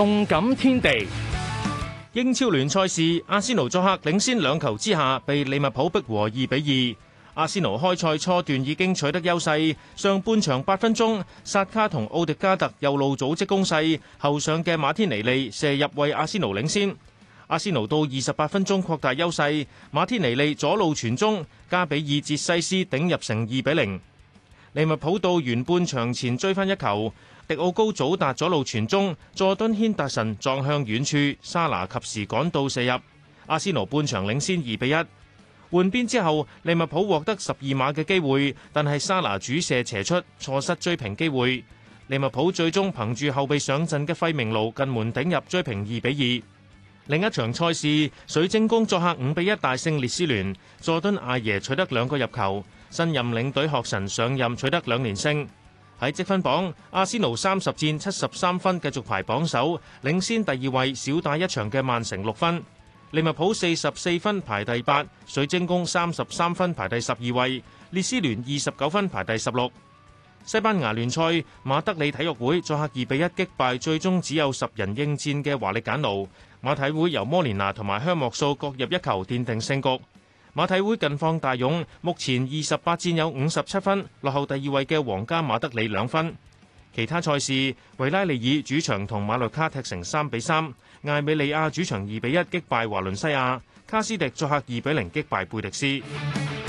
動感天地，英超聯賽事，阿仙奴作客領先兩球之下，被利物浦逼和二比二。阿仙奴開賽初段已經取得優勢，上半場八分鐘，薩卡同奧迪加特右路組織攻勢，後上嘅馬天尼利射入為阿仙奴領先。阿仙奴到二十八分鐘擴大優勢，馬天尼利左路傳中，加比爾捷西斯頂入成二比零。利物浦到完半場前追翻一球。迪奧高祖達左路傳中，佐敦軒達臣撞向遠處，莎拿及時趕到射入，阿仙奴半場領先二比一。換邊之後，利物浦獲得十二碼嘅機會，但係莎拿主射斜出，錯失追平機會。利物浦最終憑住後備上陣嘅費明路近門頂入追平二比二。另一場賽事，水晶宮作客五比一大勝列斯聯，佐敦阿爺取得兩個入球，新任領隊學神上任取得兩連勝。喺積分榜，阿仙奴三十戰七十三分，繼續排榜首，領先第二位少打一場嘅曼城六分。利物浦四十四分排第八，水晶宮三十三分排第十二位，列斯聯二十九分排第十六。西班牙聯賽，馬德里體育會作客二比一擊敗最終只有十人應戰嘅華歷簡奴，馬體會由摩連拿同埋香莫素各入一球奠定勝局。馬體會近況大勇，目前二十八戰有五十七分，落後第二位嘅皇家馬德里兩分。其他賽事，維拉利爾主場同馬略卡踢成三比三，艾美利亞主場二比一擊敗華倫西亞，卡斯迪作客二比零擊敗貝迪斯。